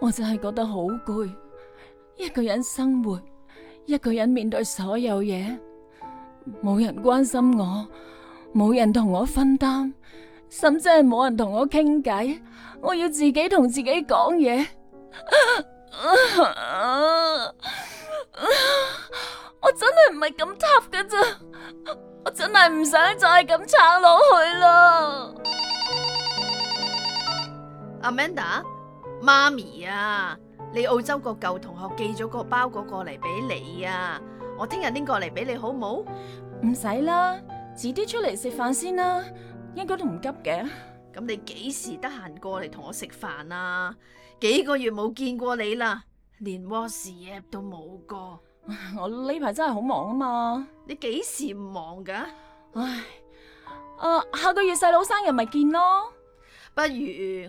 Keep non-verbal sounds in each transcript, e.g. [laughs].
我真係覺得好攰，一個人生活，一個人面對所有嘢，冇人關心我，冇人同我分擔，甚至係冇人同我傾偈，我要自己同自己講嘢。我真係唔係咁 tough 嘅啫，我真係唔想再咁撐落去啦。Amanda。媽咪啊，你澳洲個舊同學寄咗個包裹過嚟俾你啊，我聽日拎過嚟俾你好冇？唔使啦，遲啲出嚟食飯先啦，應該都唔急嘅。咁你幾時得閒過嚟同我食飯啊？幾個月冇見過你啦，連 WhatsApp 都冇過。我呢排真係好忙啊嘛。你幾時唔忙噶？唉，誒、啊，下個月細佬生日咪見咯。不如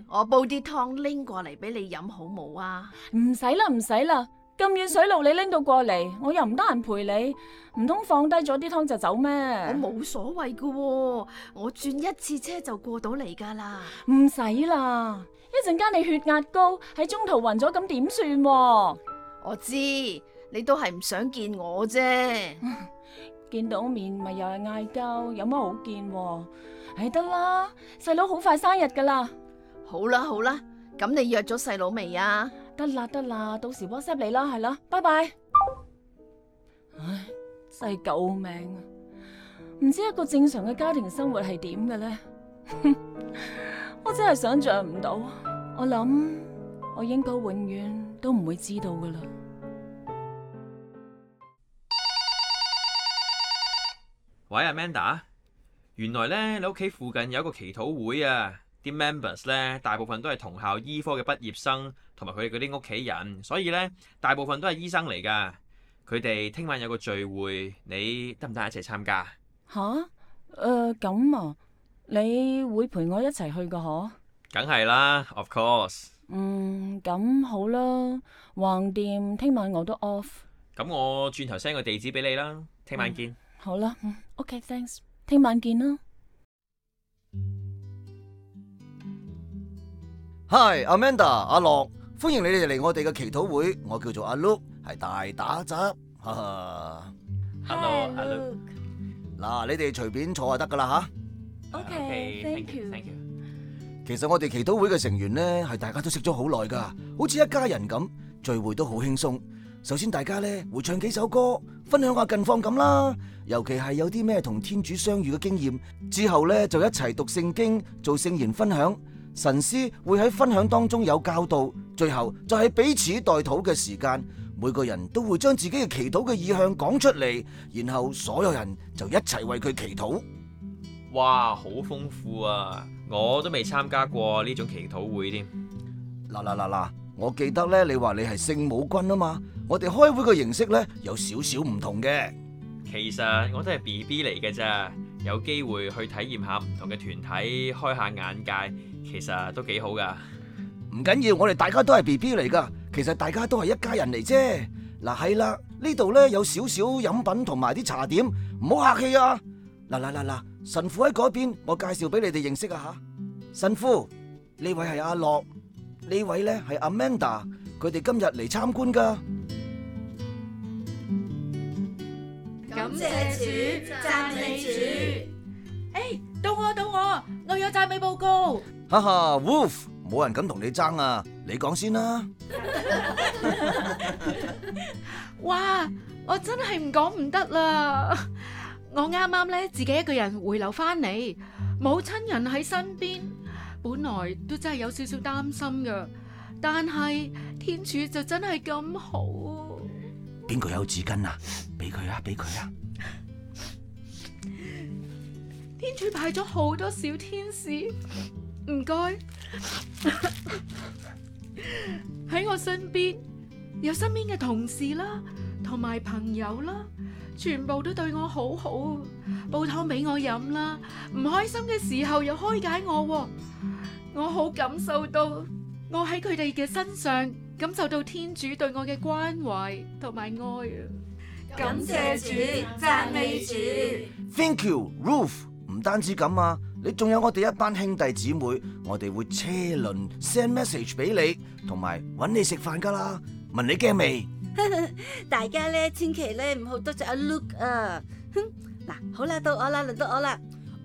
我煲啲湯拎過嚟俾你飲好冇啊？唔使啦，唔使啦，咁遠水路你拎到過嚟，我又唔得閒陪你，唔通放低咗啲湯就走咩？我冇所謂噶，我轉一次車就過到嚟噶啦。唔使啦，一陣間你血壓高喺中途暈咗，咁點算？我知你都係唔想見我啫， [laughs] 見到面咪又係嗌交，有乜好見？係得啦，細佬好快生日噶啦。好啦好啦，咁你約咗細佬未啊？得啦得啦，到時 WhatsApp 你啦，係啦，拜拜。唉，真係救命啊！唔知一個正常嘅家庭生活係點嘅咧，我真係想象唔到。我諗我應該永遠都唔會知道噶啦。喂，Amanda。原來咧，你屋企附近有一個祈禱會啊！啲 members 咧，大部分都係同校醫科嘅畢業生，同埋佢哋嗰啲屋企人，所以咧，大部分都係醫生嚟噶。佢哋聽晚有個聚會，你得唔得一齊參加？嚇？誒咁啊？你會陪我一齊去噶？嗬？梗係啦，of course。嗯，咁好啦，橫掂聽晚我都 off。咁我轉頭 send 個地址俾你啦，聽晚見。好啦，嗯，OK，thanks。聽晚見啦！Hi，Amanda，阿樂，歡迎你哋嚟我哋嘅祈禱會。我叫做阿 Luke，係大打雜。哈哈。Hello，阿 Luke，嗱，Hi, 你哋隨便坐就得噶啦吓。OK，Thank you，thank you。其實我哋祈禱會嘅成員咧，係大家都識咗好耐噶，好似一家人咁，聚會都好輕鬆。首先，大家咧會唱幾首歌，分享下近況咁啦。尤其係有啲咩同天主相遇嘅經驗之後咧，就一齊讀聖經、做聖言分享、神師會喺分享當中有教導。最後就喺彼此代禱嘅時間，每個人都會將自己嘅祈禱嘅意向講出嚟，然後所有人就一齊為佢祈禱。哇，好豐富啊！我都未參加過呢種祈禱會添。嗱嗱嗱嗱，我記得咧，你話你係聖母軍啊嘛？我哋開會個形式咧，有少少唔同嘅。其實我都係 B B 嚟嘅啫，有機會去體驗下唔同嘅團體，開下眼界，其實都幾好噶。唔緊要，我哋大家都係 B B 嚟噶，其實大家都係一家人嚟啫。嗱係啦，呢度咧有少少飲品同埋啲茶點，唔好客氣啊！嗱嗱嗱嗱，神父喺嗰邊，我介紹俾你哋認識啊吓。神父，呢位係阿樂，呢位咧係 Amanda，佢哋今日嚟參觀噶。感謝主，讚美主。誒，到我，到我，我有讚美報告。哈哈，Ruth，冇人敢同你爭啊！你講先啦。哇，我真係唔講唔得啦！我啱啱咧自己一個人回流翻嚟，冇親人喺身邊，本來都真係有少少擔心嘅，但係天主就真係咁好。邊個有紙巾啊？俾佢啊！俾佢啊！天主派咗好多小天使，唔該，喺我身邊有身邊嘅同事啦，同埋朋友啦，全部都對我好好，煲湯俾我飲啦，唔開心嘅時候又開解我，我好感受到我喺佢哋嘅身上。感受到天主對我嘅關懷同埋愛啊！感謝主，讚美主。Thank you, Ruth。唔單止咁啊，你仲有我哋一班兄弟姊妹，我哋會車輪 send message 俾你，同埋搵你食飯噶啦。問你驚未？大家咧，千祈咧唔好得罪阿 Luke 啊！嗱，好啦，到我啦，輪到我啦。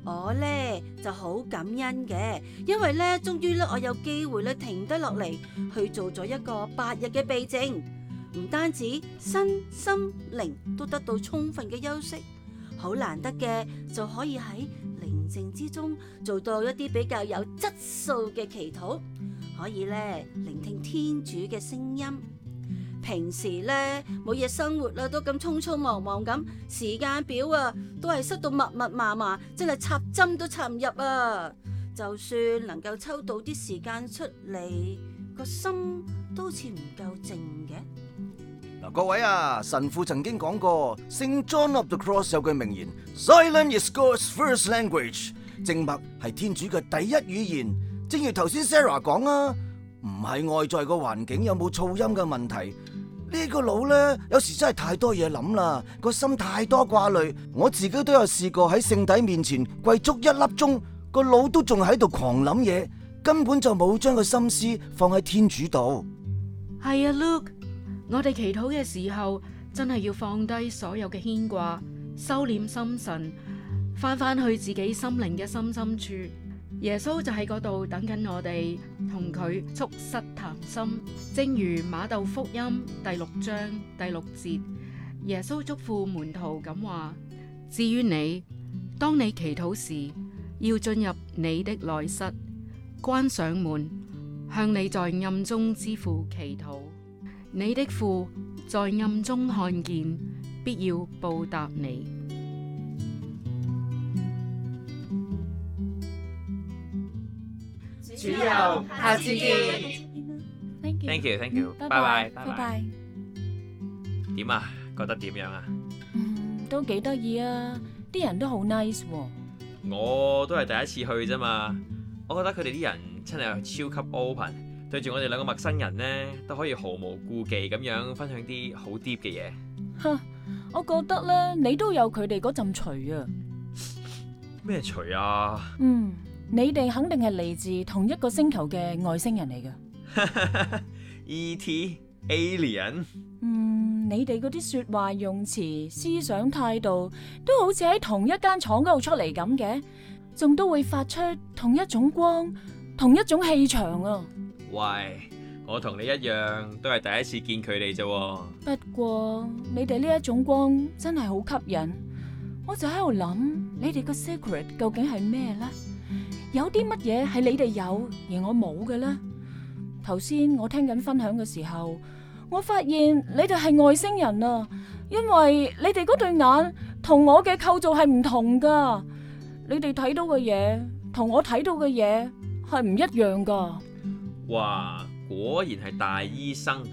我咧就好感恩嘅，因為咧終於咧我有機會咧停低落嚟，去做咗一個八日嘅避靜，唔單止身心靈都得到充分嘅休息，好難得嘅就可以喺寧靜之中做到一啲比較有質素嘅祈禱，可以咧聆聽天主嘅聲音。平時咧，每日生活啦，都咁匆匆忙忙咁，時間表啊，都係塞到密密麻麻，真係插針都插唔入啊！就算能夠抽到啲時間出嚟，個心都好似唔夠靜嘅。嗱，各位啊，神父曾經講過，聖 John of the Cross 有句名言：Silence is God's first language。靜默係天主嘅第一語言。正如頭先 Sarah 講啊，唔係外在嘅環境有冇噪音嘅問題。呢個腦咧，有時真係太多嘢諗啦，個心太多掛慮。我自己都有試過喺聖體面前跪足一粒鐘，個腦都仲喺度狂諗嘢，根本就冇將個心思放喺天主度。係啊，Luke，我哋祈禱嘅時候，真係要放低所有嘅牽掛，收斂心神，翻翻去自己心靈嘅深深處。耶穌就喺嗰度等緊我哋同佢促膝談心，正如馬竇福音第六章第六節，耶穌囑咐門徒咁話：至於你，當你祈禱時，要進入你的內室，關上門，向你在暗中之父祈禱。你的父在暗中看見，必要報答你。.下次見，下次見。Thank you，Thank you，拜拜，拜拜。點啊？覺得點樣啊？嗯，都幾得意啊！啲人都好 nice 喎啊。我都係第一次去啫嘛，我覺得佢哋啲人真係超級 open，對住我哋兩個陌生人咧，都可以毫無顧忌咁樣分享啲好 deep 嘅嘢。哼，我覺得咧，你都有佢哋嗰陣除啊。咩除啊？嗯。你哋肯定係嚟自同一個星球嘅外星人嚟㗎，E.T. alien。嗯，你哋嗰啲說話用詞、思想態度，都好似喺同一間廠嗰度出嚟咁嘅，仲都會發出同一種光、同一種氣場啊！喂，我同你一樣，都係第一次見佢哋咋。不過你哋呢一種光真係好吸引，我就喺度諗，你哋個 secret 究竟係咩咧？有啲乜嘢係你哋有而我冇嘅呢？頭先我聽緊分享嘅時候，我發現你哋係外星人啊！因為你哋嗰對眼同我嘅構造係唔同噶，你哋睇到嘅嘢同我睇到嘅嘢係唔一樣噶。哇！果然係大醫生，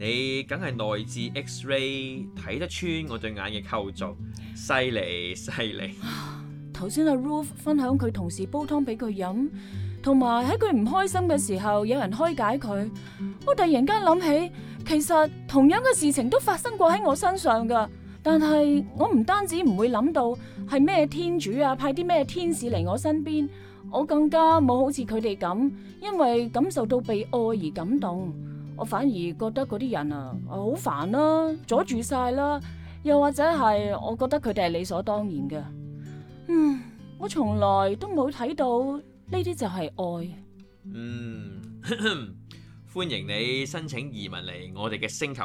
你梗係內置 X-ray 睇得穿我對眼嘅構造，犀利犀利。首先阿 Ruth 分享佢同事煲湯俾佢飲，同埋喺佢唔開心嘅時候有人開解佢。我突然間諗起，其實同樣嘅事情都發生過喺我身上噶。但係我唔單止唔會諗到係咩天主啊，派啲咩天使嚟,我身邊，我更加冇好似佢哋咁，因為感受到被愛而感動。我反而覺得嗰啲人啊好煩啦、啊，阻住晒啦，又或者係我覺得佢哋係理所當然嘅。嗯，我從來都冇睇到呢啲就係愛。嗯呵呵，歡迎你申請移民嚟我哋嘅星球。